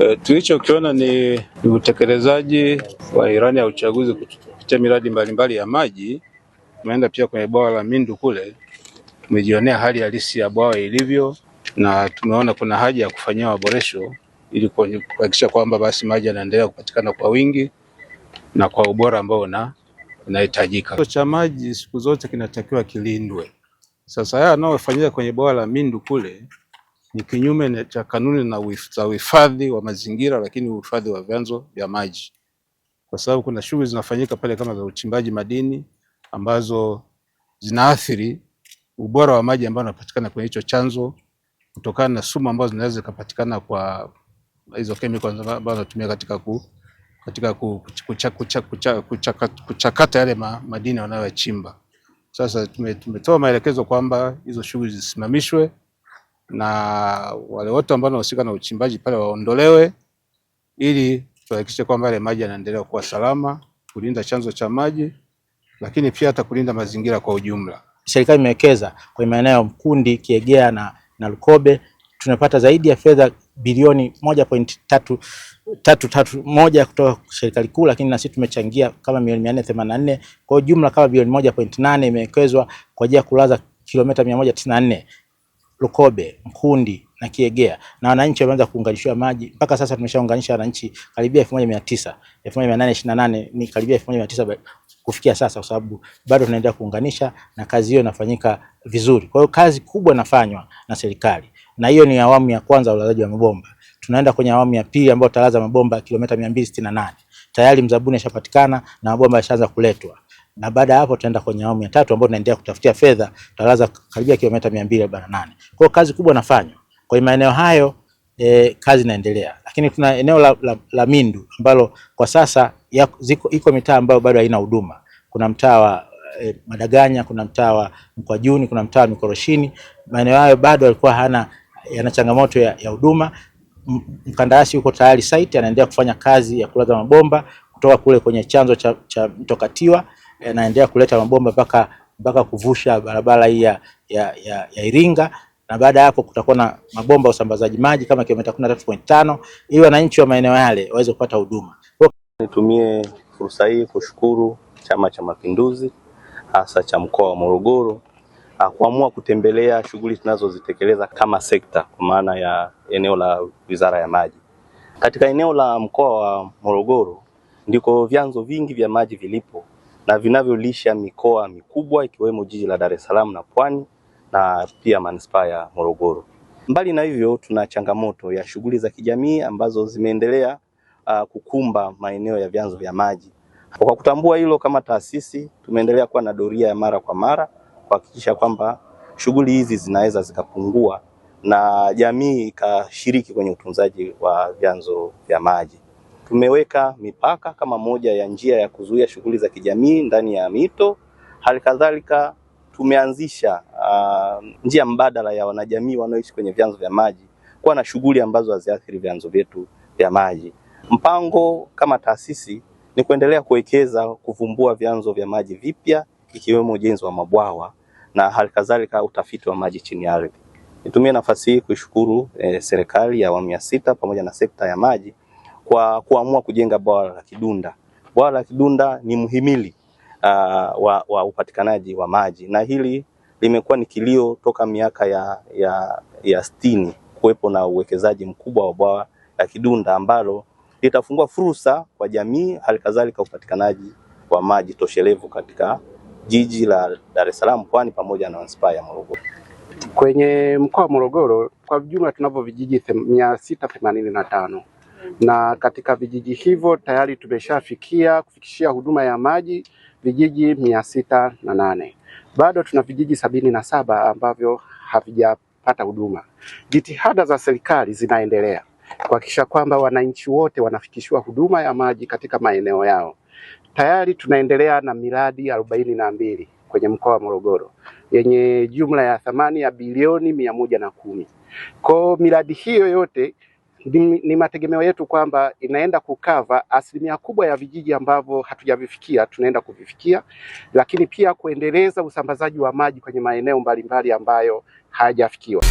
E, tulichokiona ni utekelezaji wa irani ya uchaguzi kupitia miradi mbalimbali ya maji. Tumeenda pia kwenye bwawa la Mindu kule, tumejionea hali halisi ya bwawa ilivyo, na tumeona kuna haja ya kufanyia maboresho ili kuhakikisha kwamba basi maji yanaendelea kupatikana kwa wingi na kwa ubora ambao unahitajika. Cha maji siku zote kinatakiwa kilindwe. Sasa haya anaofanyia kwenye bwawa la Mindu kule ni kinyume cha kanuni na za uhifadhi wa mazingira, lakini uhifadhi wa vyanzo vya maji, kwa sababu kuna shughuli zinafanyika pale kama za uchimbaji madini ambazo zinaathiri ubora wa maji ambayo yanapatikana kwenye hicho chanzo kutokana na sumu ambazo zinaweza zikapatikana kwa hizo kemikali ambazo zinatumia katika ku, katika kuchakata kucha, kucha, kucha, kucha, kucha yale ma, madini wanayochimba. Sasa tumetoa maelekezo kwamba hizo shughuli zisimamishwe na wale wote ambao wanahusika na uchimbaji pale waondolewe, ili tuhakikishe kwamba yale maji yanaendelea kuwa salama, kulinda chanzo cha maji, lakini pia hata kulinda mazingira kwa ujumla. Serikali imewekeza kwenye maeneo ya Mkundi, Kiegea na, na Lukobe tunapata zaidi ya fedha bilioni moja tatu tatu tatu moja kutoka serikali kuu, lakini na sisi tumechangia kama milioni mia nne themanini na nne kwa jumla kama bilioni moja nane imewekezwa kwa ajili ya kulaza kilomita mia moja tisini na nne. Lukobe, Mkundi na Kiegea na wananchi wameanza kuunganishiwa maji. Mpaka sasa tumeshaunganisha wananchi karibia 1900 1828 ni karibia 1900 kufikia sasa, kwa sababu bado tunaendelea kuunganisha na kazi hiyo inafanyika vizuri. Kwa hiyo kazi kubwa inafanywa na serikali, na hiyo ni awamu ya kwanza ulazaji wa mabomba. Tunaenda kwenye awamu ya pili ambayo tutalaza mabomba kilomita 268 tayari mzabuni ashapatikana na mabomba yashaanza kuletwa na baada ya hapo tutaenda kwenye awamu ya tatu ambayo tunaendelea kutafutia fedha, tutalaza karibia kilomita 248. Kwa kazi kubwa nafanywa kwenye maeneo hayo e, kazi inaendelea, lakini tuna eneo la, la, la Mindu ambalo kwa sasa ya, ziko, iko mitaa ambayo bado haina huduma. Kuna mtaa wa e, Madaganya, kuna mtaa wa Mkwajuni, kuna mtaa wa Mikoroshini. Maeneo hayo bado yalikuwa hana yana changamoto ya huduma. Mkandarasi yuko tayari site, anaendelea kufanya kazi ya kulaza mabomba kutoka kule kwenye chanzo cha, cha mto Katiwa yanaendelea eh, kuleta mabomba mpaka mpaka kuvusha barabara hii ya, ya, ya, ya Iringa na baada ya hapo kutakuwa na mabomba ya usambazaji maji kama kilomita 13.5 ili wananchi wa maeneo yale waweze kupata huduma. Nitumie fursa hii kushukuru Chama cha Mapinduzi hasa cha mkoa wa Morogoro ah, kuamua kutembelea shughuli tunazozitekeleza kama sekta kwa maana ya eneo la Wizara ya Maji. Katika eneo la mkoa wa Morogoro ndiko vyanzo vingi vya maji vilipo na vinavyolisha mikoa mikubwa ikiwemo jiji la Dar es Salaam na Pwani na pia manispaa ya Morogoro. Mbali na hivyo, tuna changamoto ya shughuli za kijamii ambazo zimeendelea uh, kukumba maeneo ya vyanzo vya maji. Kwa kutambua hilo, kama taasisi tumeendelea kuwa na doria ya mara kwa mara kuhakikisha kwamba shughuli hizi zinaweza zikapungua na jamii ikashiriki kwenye utunzaji wa vyanzo vya maji. Tumeweka mipaka kama moja ya njia ya kuzuia shughuli za kijamii ndani ya mito. Hali kadhalika tumeanzisha uh, njia mbadala ya wanajamii wanaoishi kwenye vyanzo vya maji kuwa na shughuli ambazo haziathiri vyanzo vyetu vya maji. Mpango kama taasisi ni kuendelea kuwekeza kuvumbua vyanzo vya maji vipya ikiwemo ujenzi wa mabwawa na hali kadhalika utafiti wa maji chini ya ardhi. Nitumie nafasi hii kuishukuru eh, serikali ya awamu ya sita pamoja na sekta ya maji kwa kuamua kujenga bwawa la Kidunda. Bwawa la Kidunda ni mhimili uh, ah, wa, wa upatikanaji wa maji na hili limekuwa ni kilio toka miaka ya, ya, ya sitini kuwepo na uwekezaji mkubwa wa bwawa la Kidunda ambalo litafungua fursa kwa jamii, halikadhalika upatikanaji wa maji toshelevu katika jiji la Dar es Salaam, Pwani pamoja na manispaa ya Morogoro. Kwenye mkoa wa Morogoro kwa jumla tunavyo vijiji mia sita themanini na tano na katika vijiji hivyo tayari tumeshafikia kufikishia huduma ya maji vijiji mia sita na nane. Bado tuna vijiji sabini na saba ambavyo havijapata huduma. Jitihada za serikali zinaendelea kuhakikisha kwamba wananchi wote wanafikishiwa huduma ya maji katika maeneo yao. Tayari tunaendelea na miradi arobaini na mbili kwenye mkoa wa Morogoro yenye jumla ya thamani ya bilioni mia moja na kumi. Kwa miradi hiyo yote ni, ni mategemeo yetu kwamba inaenda kukava asilimia kubwa ya vijiji ambavyo hatujavifikia tunaenda kuvifikia, lakini pia kuendeleza usambazaji wa maji kwenye maeneo mbalimbali ambayo hayajafikiwa.